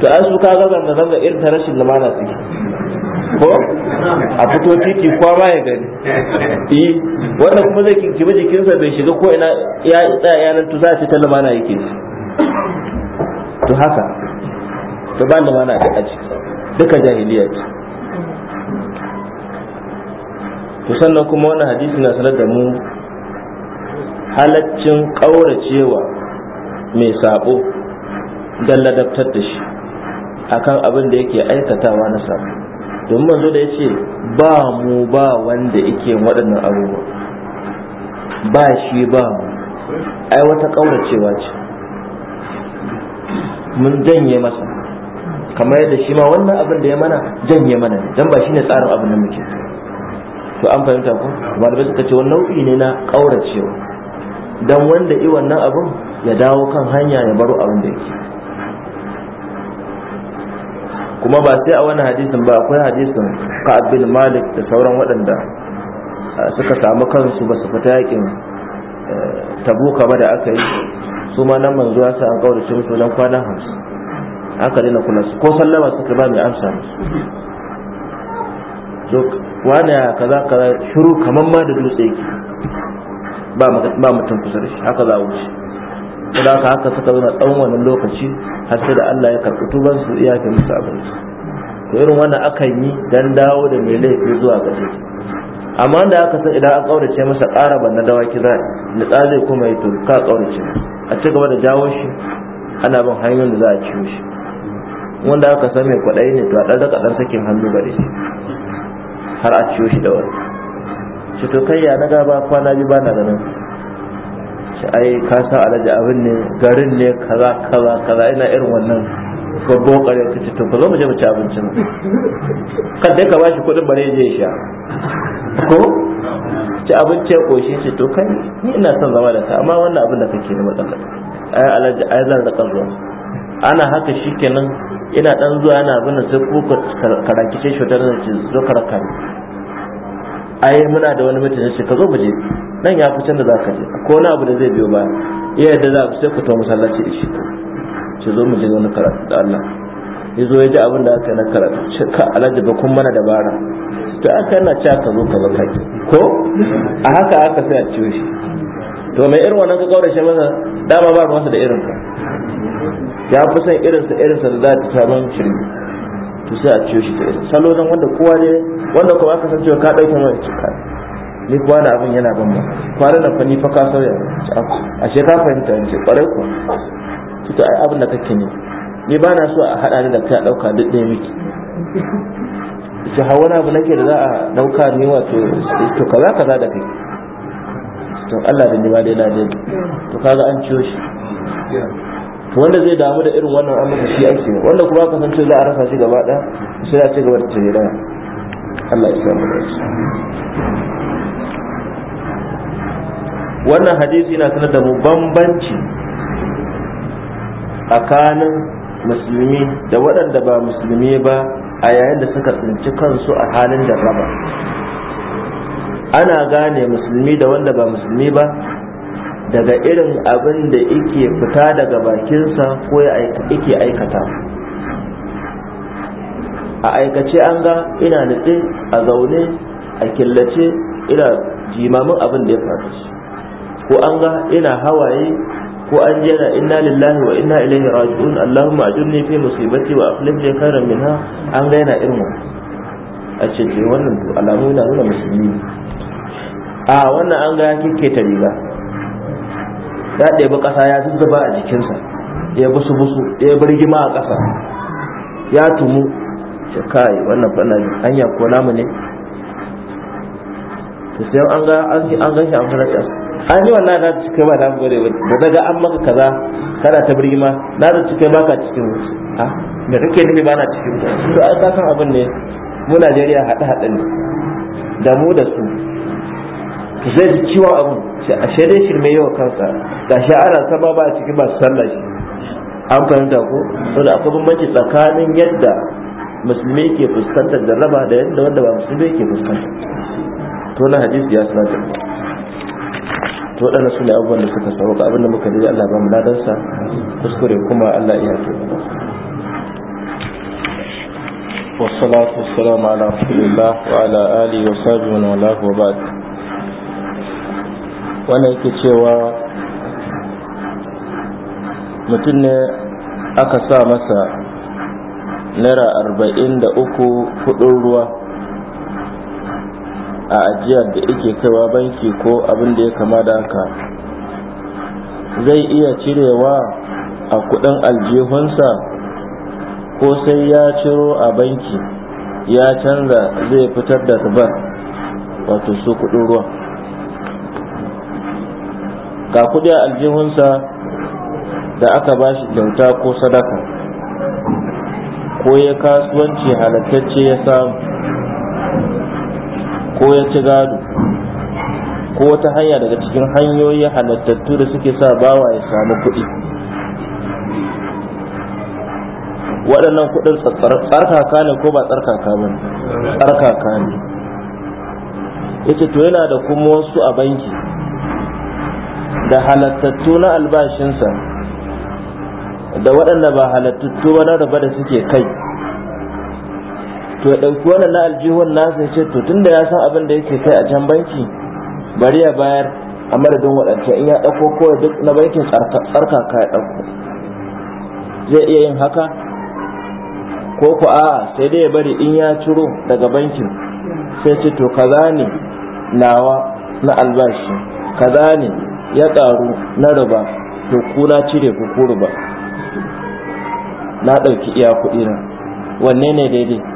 to an su ka ga zanga zanga irin ta rashin lumana suke ko a fito titi kwa baya ya gani yi eh, wannan kuma zai kinkimi jikinsa bai shiga ko ina ya tsaya nan to za a ce ta lumana yake to haka to ba mana a aji duka jahiliya ce to sannan kuma wannan hadisi na sanar da mu halaccin ƙauracewa mai sabo don ladabtar da shi akan abin da yake aikatawa na sabo domin manzo da yace ba mu ba wanda yake waɗannan abubuwa ba shi ba ai wata cewa ce mun janye masa kamar yadda shi ma wannan abin da ya mana janye mana dan ba shine tsarin abin da muke to an fahimta ko da suka ce wannan nau'i ne na cewa dan wanda i wannan abin ya dawo kan hanya ya baro abin da yake kuma ba sai a wani hadisin ba akwai hadisin ka bin malik da sauran waɗanda suka samu kansu ba su fita yakin e, tabuka ba da aka yi su ma nan manzo ya sa an kaurace musu wajen kwana hamsin aka daina kula ko sallama suka ba mai amsa musu wani kaza kaza shiru kamar ma da dutse ba mutum kusa da shi haka za a wuce kuma ka haka suka zo na dan wani lokaci har sai da Allah ya karɓi tuban su iya ke musu abin to irin wannan akan yi dan dawo da mai laifi zuwa ga shi amma da aka san idan an kaurace masa ƙara ban na dawaki za ni zai kuma yi to ka kaurace a ci gaba da jawo shi ana bin hanyoyin da za a ciwo shi wanda aka san mai kwaɗayi ne to a ɗan da ɗan sakin hannu gare shi har a ciwo shi da wani shi to kai ya na gaba kwana biyu ba na ganin ai ka san alhaji abin ne garin ne kaza kaza kaza ina irin wannan babban kare ka ce to ka zo mu je mu ci abincin kan dai ka bashi kuɗin bare je sha ko ci abinci ya koshi ce to kai ni ina son zama da ka amma wannan abin da kake ne matsala ai alhaji ai zan raka zuwa ana haka shikenan ina dan zuwa yana da sai ko ka ce shi da zo ka raka ai muna da wani mutum sai ka zo mu je nan ya fi can da za ka je ko wani abu da zai biyo ba ya yadda za ku sai ku tawo masallaci da shi ce zo mu je wani karatu da Allah ya zo ya ji abin da aka na karatu ce ka alaji ba kun mana dabara to aka yana ci aka zo ka zaka ki ko a haka aka sai a ciwo shi to mai irin wannan ka kaurashe masa dama ba ruwansa da irin ka ya fi son irinsa irinsa da za ta samu shirme to sai a ciyo shi ta irin salo don wanda kowa ne wanda kuma aka san cewa ka ɗauke mai cika ni kuwa na abin yana ban fara da fani fa ka sauya a shekara ka fahimta ni ce kwarai kuwa kika ai abin da kake ne ni ba na so a hada ni da kai a dauka duk ɗaya miki ki hawa wani abu nake da za a dauka ni wato eh, to kaza kaza da kai to Allah da ni ba dai na dai to kaga an ciyo shi to wanda zai damu da irin wannan amurka shi ake wanda kuma ka san cewa za a rasa shi gaba ɗaya sai a ci gaba da da Allah ya samu da wannan hadisi na sanar da mu bambanci tsakanin musulmi da waɗanda ba musulmi ba a yayin da suka tsinci kansu a halin raba. ana gane musulmi da wanda ba musulmi ba daga irin abin da ike fita daga bakinsa ko ike aikata a aikace an ga ina nutse a zaune a killace ina jimamin abin da ya faru shi ko an ga ina hawaye ko an jera inna lillahi wa inna ilaihi raji'un allahumma ajurni fi musibati wa akhlif li khairan minha an ga yana irin a ce ce wannan to alamu na nuna musulmi a wannan an ga kike ta riga ya ɗebi ƙasa ya zuzzuba a jikinsa ya busu busu ya gima a ƙasa ya tumu ce kai wannan bana hanya ko namu ne to sai an ga an ga shi an fara an yi wannan na cikin ba da gore ba da daga an maka kaza kana ta birgima na da cikin baka cikin a me kake nemi ba na cikin to ai ka san abin ne mu Najeriya haɗe haɗe ne da mu da su zai ji ciwon abin a shaidai mai yawa kansa ga shi ana sama ba a cikin masu sallah shi an fahimta ko da akwai bambanci tsakanin yadda musulmi ke fuskantar jarraba da yadda wanda ba musulmi ke fuskantar to na hadisi ya sanar da to dana su ne abubuwan da suka sauka abin muka ji Allah ba mu kuskure kuma Allah iya ce والصلاة والسلام wa رسول الله wa wannan yake cewa mutum ne aka sa masa naira arba'in da uku kudin ruwa a ajiyar da yake kaiwa banki ko abin da ya kama da haka zai iya cirewa a kudin aljihunsa ko sai ya ciro a banki ya canza zai fitar da ribar wato su kudin ruwa ga kudi a aljihunsa da aka ba shi kyauta ko sadaka ko ya kasuwanci halattacce ya samu ko ya ci gado ko wata hanya daga cikin hanyoyi halittattu da suke sa bawa ya samu kuɗi waɗannan kuɗin tsarkaka ne ko ba tsarkaka ba tsarkaka ne yace to yana da kuma wasu a banki da halattattu na albashinsa da waɗanda ba halattattu ba na raba da suke kai to ya ɗauki wannan na aljihun nasa ya ce to tun da ya san abin da yake kai a can banki bari ya bayar a madadin waɗancan in ya ɗauko ko duk na bankin ka ya ɗauko zai iya yin haka ko ku a'a sai dai ya bari in ya ciro daga bankin sai ce to kaza ne nawa na albashi kaza ne ya ƙaru na riba to kuna cire ku ku riba na ɗauki iya kuɗi na wanne ne daidai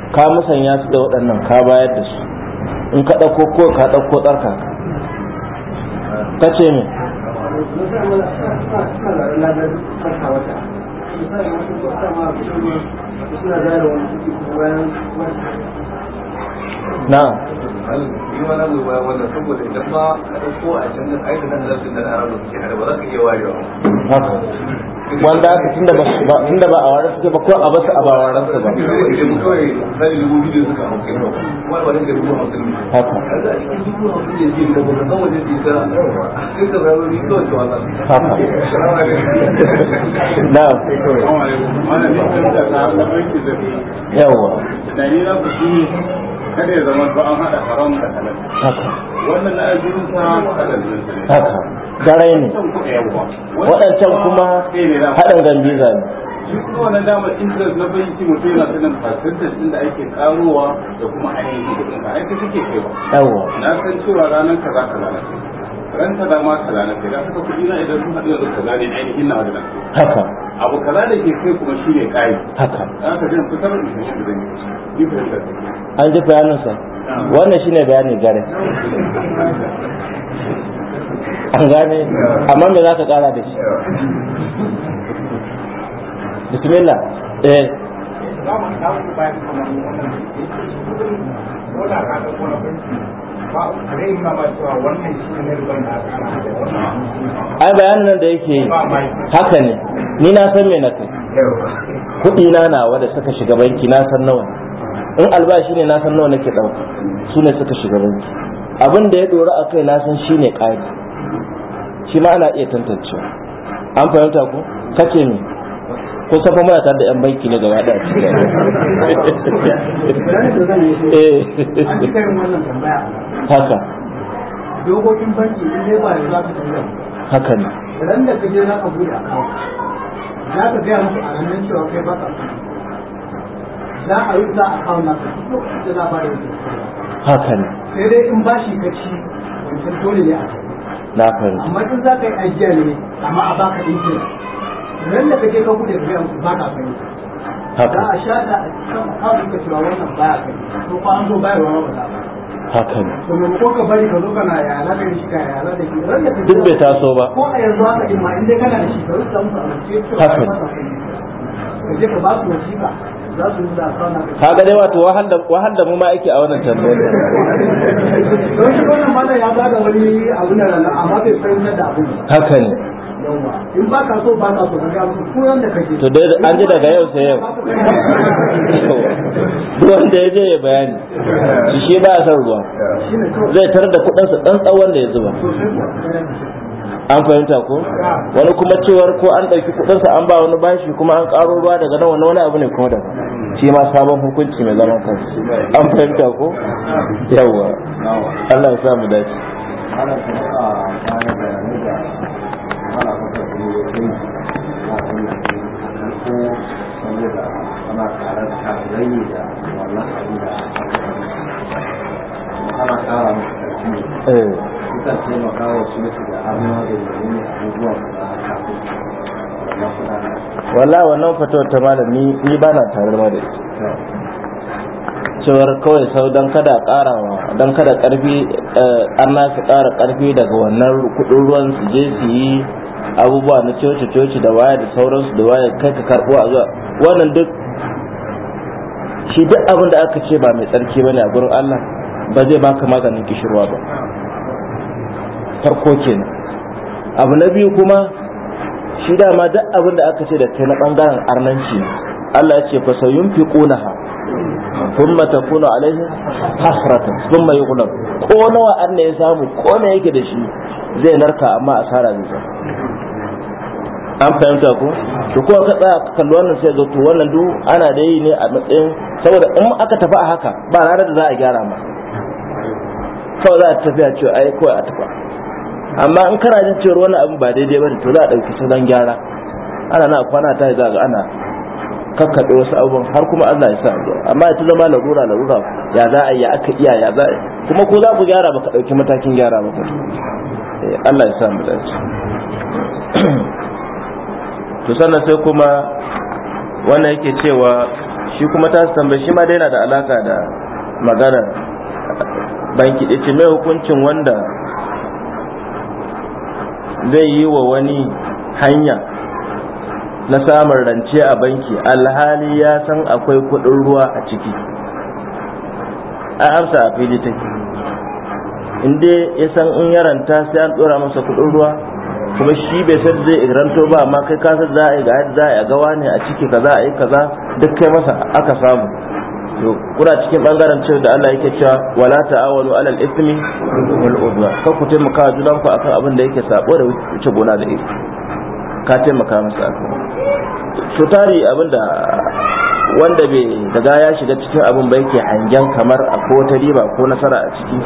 ka musanya su da waɗannan ka bayar da su in ka ɗauko ko ka ɗauko tsarka ka ce ne na wanda aka tunda ba ba tunda ba a wara suke ba ko a basu a ba waran su ba haka haka yawa kada ya zama ba an hada haram da halal haka wannan na aljihun sa halal ne haka garai ne waɗancan kuma haɗin gambiza ne shi kuma wannan dama inda na banki mutum yana sanin percentage din da ake karowa da kuma ainihin kuɗin ka aiki suke kaiwa yawa na san cewa ranar za kaza lalace, ran kaza ma kaza lalace, da haka kuɗi na idan sun haɗu yanzu kaza ne ainihin na haɗu haka abu kaza da ke kai kuma shi ne ƙari haka za ka jan fitar da shi da zan yi an ji bayaninsa wannan shine bayani gare an gane amma me za ka kara da shi bismillah eh ai bayanin nan da yake haka ne ni na san me na kai kuɗi na nawa da suka shiga banki na san nawa in albashi ne na san nawa nake ɗauka su ne suka shiga banki abin da ya dora a kai na san shi ne ƙari shi ma ana iya tantance. an fahimta ko kace ne ko safa muna tare da yan banki ne gaba da cikin eh. haka dokokin banki in dai ba da za ka tafiya haka ne ran da kaje za ka bude account za ka ga musu a ranar cewa kai ba ka za a yi za a kawo naka duk lokacin da za a bada wani haka ne sai dai in bashi ka ci wancan dole ne a kai na fahimta amma in za ka yi ajiya ne amma a baka ɗinkin ran da kake kan kuɗe biyan su baka ka fahimta haka za a sha da a kan kawo ka cewa wannan baya kai to fa an zo bayarwa ba za a haka ne to me ko ka bari ka zo kana ya na da shi ka ya da shi ran da duk bai taso ba ko a yanzu haka in ma in dai kana da shi ka rubuta musu amince cewa haka ne ka je ka ba su wasiƙa kaga dai wato wahan da mu ma yake a wannan tambayar don shi wannan mallam ya bada wani abu na rana amma bai sai na da abu haka ne in ba ka so ba ka so kaga ko da kake to dai an ji daga yau sai yau duk wanda ya je ya bayani shi ba ya san ruwa zai tarar da kudansa dan tsawon da ya zuba an fahimta ko wani kuma cewar ko an ɗauki kuɗinsa an ba wani bashi kuma an ƙaro ruwa daga nan wani wani abu ne kuma daga shi ma sabon hukunci mai zaman kansu an fahimta ko yawwa Allah ya sa mu dace ana kara musu ƙarfi ne sukan taimaka wa su mutu wala wannan fatawar ta malami ni ba na tare da ita cewar kawai sau don kada karawa don kada karfi eh, an na su kara karfi daga wannan kudin ruwan su je su yi abubuwa na coci coci da waya da sauransu da waya kai ka karbo a zuwa wannan duk shi duk abin da aka ce ba mai tsarki ba ne a gurin Allah ba zai baka maganin kishirwa ba farko kenan abu na biyu kuma shi dama duk abin da aka ce da kai na bangaren arnanci Allah ya ce fa sayunfiqunaha thumma takunu alaihi hasratan thumma yughlab ko nawa an ya samu ko ne yake da shi zai narka amma asara sa an fahimta ko to ko ka tsaya ka kalli wannan sai ga to wannan duk ana da yi ne a matsayin saboda in aka tafi a haka ba ranar da za a gyara ma saboda za a tafiya ce ai ko a tafi amma in kana jin cewar wani abin ba daidai ba to za a ɗauki salon gyara ana na kwana ta za ga ana kakkaɓe wasu abubuwan har kuma Allah ya sa zuwa amma ya ta zama larura larura ya za a yi aka iya ya za kuma ko za ku gyara ba ka ɗauki matakin gyara ba ka eh, Allah ya sa mu dace to sannan sai kuma wannan yake cewa shi kuma ta tambayi shi ma dai yana da alaka da magana banki ce mai hukuncin wanda zai yi wa wani hanya na samun rance a banki alhali ya san akwai kuɗin ruwa a ciki a amsa a fili take inda ya san in yaranta sai an tsora masa kuɗin ruwa kuma shi bai san zai iranto ba amma kai kasar za a yi ga yadda za a yi gawa ne a ciki kaza a yi kaza duk kai masa aka samu kuna cikin bangaren cewa da Allah yake cewa wala ta'awalu alal ismi wal udwan kar ku taimaka junan ku akan abin da yake sabo da wuce gona da ita ka taimaka masa akan to tari abinda wanda bai daga ya shiga cikin abin ba yake hangen kamar a ko ta riba ko nasara a ciki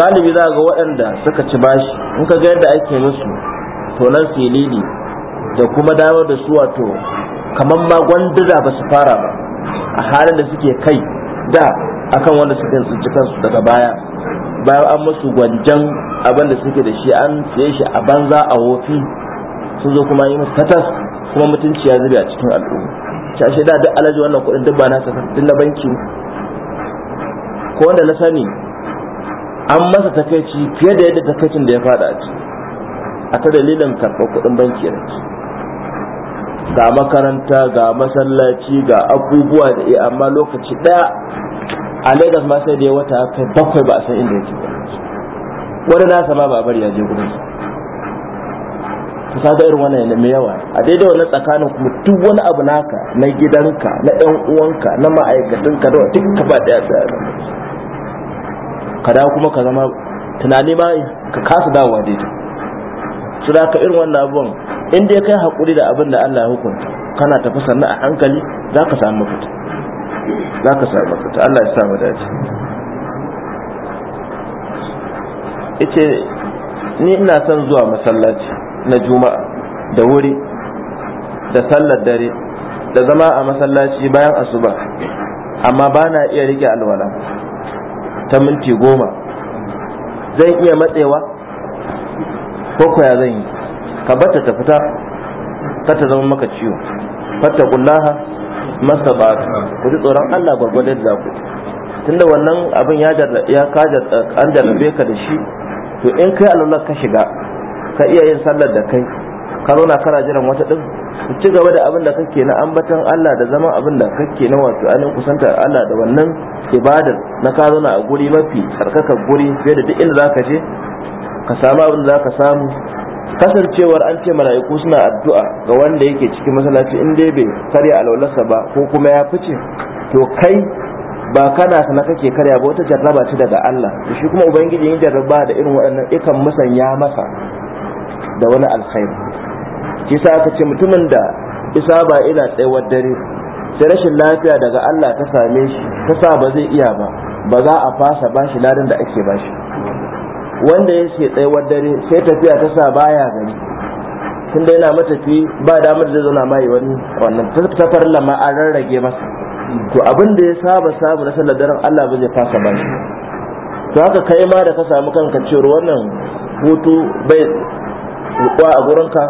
galibi za ga waɗanda suka ci bashi in ka ga yadda ake musu tonar filili da kuma damar da su wato kamar ma gwandura ba su fara ba a halin da suke kai da akan wanda suke tsinci kansu daga baya bayan an musu gwanjan abin da suke da shi an siye shi a banza a wofi sun zo kuma yi musu tatas kuma mutunci ya zube a cikin al'umma ci ashe da duk alaji wannan kuɗin duk ba na sa duk na banki ko wanda na sani an masa takaici fiye da yadda takaicin da ya fada a ci a ta dalilin karɓar kuɗin banki ya ci ga makaranta ga masallaci ga abubuwa da iya amma lokaci daya a lagos ma sai da ya wata kai bakwai ba a san inda yake wani nasa ma ba bari ya je su ka ga irin wannan mai yawa a daidai wannan tsakanin kuma duk wani abu naka na gidanka na yan uwanka na ma'aikatanka da duk ka ba tsaye da ka dawo kuma ka zama tunani ma ka kasa dawowa daidai su da ka irin wannan abubuwan in dai kai hakuri da abin da Allah ya hukunta kana tafi sanna a hankali za ka samu mafita za ka samu mafita Allah ya samu daji. dace yace ni ina son zuwa masallaci na juma'a da wuri da sallar dare da zama a masallaci bayan asuba amma ba na iya rike alwala ta minti goma zan iya matsewa ko kuwa zan yi ka bata ta fita ka ta zama maka ciwo fata kullaha masa ba ku ji tsoron Allah gwargwadon da ku tunda wannan abin ya ya kaja an da rabe ka da shi to in kai alwala ka shiga ka iya yin sallar da kai ka zauna kana jiran wata din ci gaba da abin da kake na ambatan Allah da zaman abin da kake na wato ainihin kusanta Allah da wannan ibadar na ka zauna a guri mafi tsarkaka guri fiye da duk inda zaka je ka samu abin da zaka samu kasancewar an ce mala'iku suna addu'a ga wanda yake cikin masallaci in dai bai karya alwalarsa ba ko kuma ya fice to kai ba kana sana kake karya ba wata jarraba ce daga Allah shi kuma ubangiji yin jarraba da irin waɗannan ikan musanya masa da wani alkhairi sa aka ce mutumin da isa ba ina tsayawar dare sai rashin lafiya daga Allah ta same shi ta sa ba zai iya ba ba za a fasa ba shi ladan da ake bashi wanda ya yake tsayuwar dare sai tafiya ta sa baya gani tun da yana matafi ba damar da zauna mai wani wannan tafar lama an rarrage masa to abin da ya saba samu na sallar daren Allah ba zai fasa ba to haka kai ma da ka samu kanka cewar wannan hutu bai rukwa a gurinka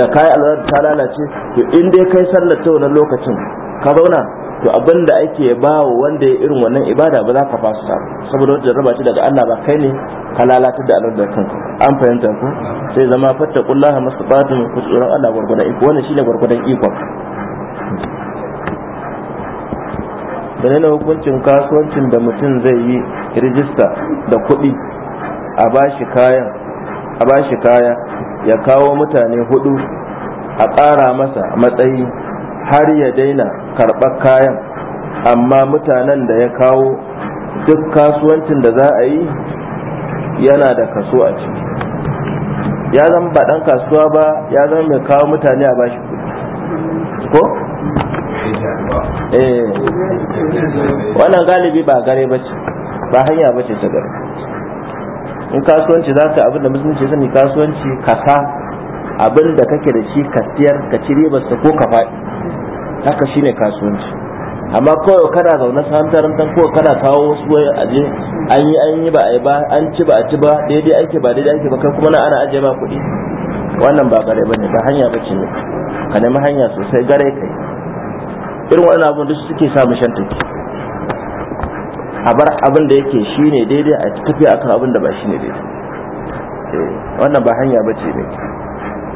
da kai al'adar ta lalace to in dai kai sallar ta wannan lokacin ka zauna to abin da ake ba wa wanda ya irin wannan ibada ba za ka fasu ta saboda wata raba ce daga Allah ba kai ne ka lalatar da al'adar kanka an fahimta ku sai zama fatta kullaha masu ku tsoron Allah gwargwadon iko wannan shine gwargwadon iko da na hukuncin kasuwancin da mutum zai yi rijista da kuɗi a bashi kayan a bashi kaya ya kawo mutane hudu a ƙara masa matsayi har ya daina karɓar kayan amma mutanen da ya kawo duk kasuwancin da za a yi yana da kaso a ciki ya zama ba ɗan kasuwa ba ya zama mai kawo mutane a bashi ko? eh wannan galibi ba gare ba ce ba hanya ba ce ta gare in kasuwanci za ka abinda musulunci sani kasuwanci kasa abinda kake da shi ka siyar ka ci ko ka faɗi haka shine kasuwanci amma kawai kana zaune santarantar ko kana kawo wasu wai aje an yi an yi ba a yi ba an ci ba a ci ba daidai ake ba daidai ake ba kai kuma na ana aje ba kuɗi wannan ba gare bane ba hanya bace ne ka nemi hanya sosai gare kai irin wannan abun da suke sa mu shan take a bar abin da yake shine daidai a tafi akan abin da ba shine daidai eh, wannan ba hanya bace ne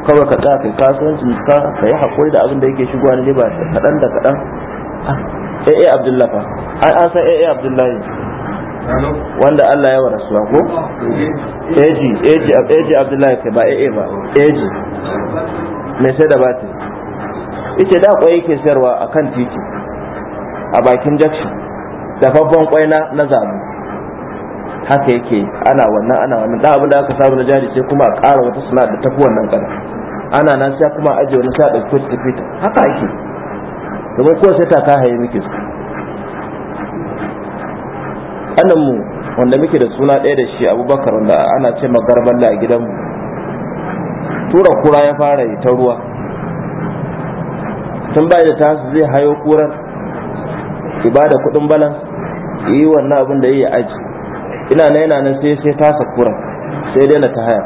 kawai ka tsaya kai kasuwancin ka ka yi haƙuri da abin da yake shigowa ne ba kaɗan da kaɗan ah, A Abdullahi fa ai an san A Abdullahi wanda Allah ya wara suwa ko AG AG AG Abdullahi ke ba A ba AG mai sai da bati ita da kwai yake sayarwa akan titi a bakin jakshi da babban kwai na na zamu haka yake ana wannan ana wannan da abin da aka samu na jari sai kuma a ƙara wata sana'a da tafi wannan kada ana nan sai kuma aje wani sa ɗauki wata fita haka yake kuma ko sai ta ka haye muke su mu wanda muke da suna ɗaya da shi abubakar wanda ana ce magarban da a gidanmu tura kura ya fara yi ta ruwa tun bai da tasu zai hayo kurar ibada kuɗin balan yi wannan abin da ya aji ina na yana nan sai sai tasa kurar sai dai na ta haya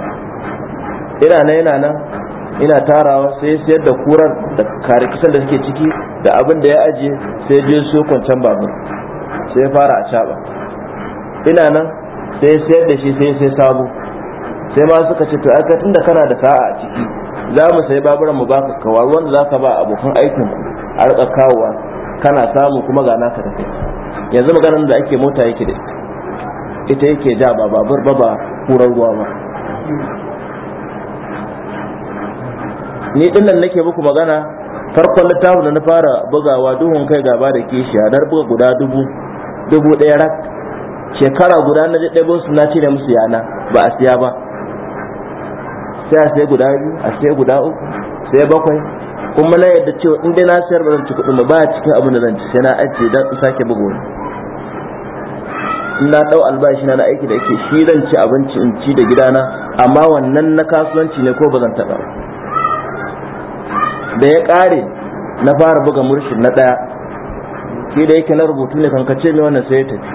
ina na yana nan ina tarawa sai sayar da kurar da karikisan da suke ciki da abin da ya ajiye sai je su kwancan babur sai fara a caba ina nan sai sayar da shi sai sai sabo sai ma suka ce to aka tunda kana da sa'a a ciki za mu sai baburan mu baka kawar wanda zaka ba abokan aikin ku a rika kawowa kana samu kuma ga naka da kai yanzu maganar da ake mota yake da ita yake ja ba babur ba ba kurar ruwa ba ni din nan nake muku magana farkon littafin da na fara bugawa duhun kai gaba da kishi hadar buga guda dubu dubu ɗaya rak shekara guda na ɗaya su na cire musu yana ba a siya ba sai a sai guda biyu a sai guda uku sai bakwai kuma na yadda cewa in dai na sayar ba zan ci kuɗin ba ba cikin abin da zan ci sai na ajiye dan in sake bugu wani na ɗau albashi na aiki da yake shi zan ci abinci in ci da gidana amma wannan na kasuwanci ne ko ba zan taɓa ba da ya ƙare na fara buga murshid na ɗaya shi da yake na rubutu ne kan kace mai wannan sai ya tafi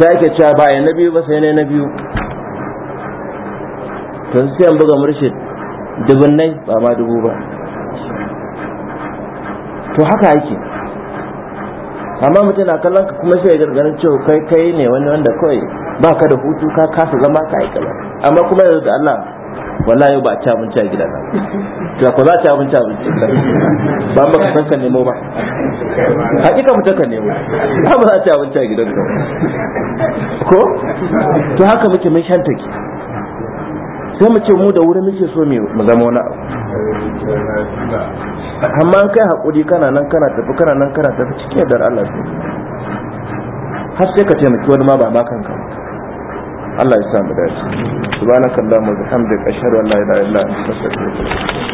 sai ake cewa ba na biyu ba sai ne na biyu to sai an buga murshid dubunnai ba ma dubu ba to haka yake amma mutum na kallon ka kuma sai ya gargarin cewa kai kai ne wani wanda kawai ba ka da hutu ka kasa zama ka aikala amma kuma yanzu da Allah wallahi yau ba a ci abinci a nan, ya ko za a ci abinci a abinci ba ba ka san ka nemo ba hakika mu ka nemo ba ba za a ci abinci a gidan nan ko to haka muke mun shanta ki sai mu ce mu da wuri muke so mu zama wani abu amma an kai hakuri kana nan kana tafi kana nan kana tafi cikin yardar Allah har sai ka taimaki wani ma ba kanka ka Allah ya sa mu dace subhanakallahumma wa bihamdika ashhadu an la ilaha illa anta astaghfiruka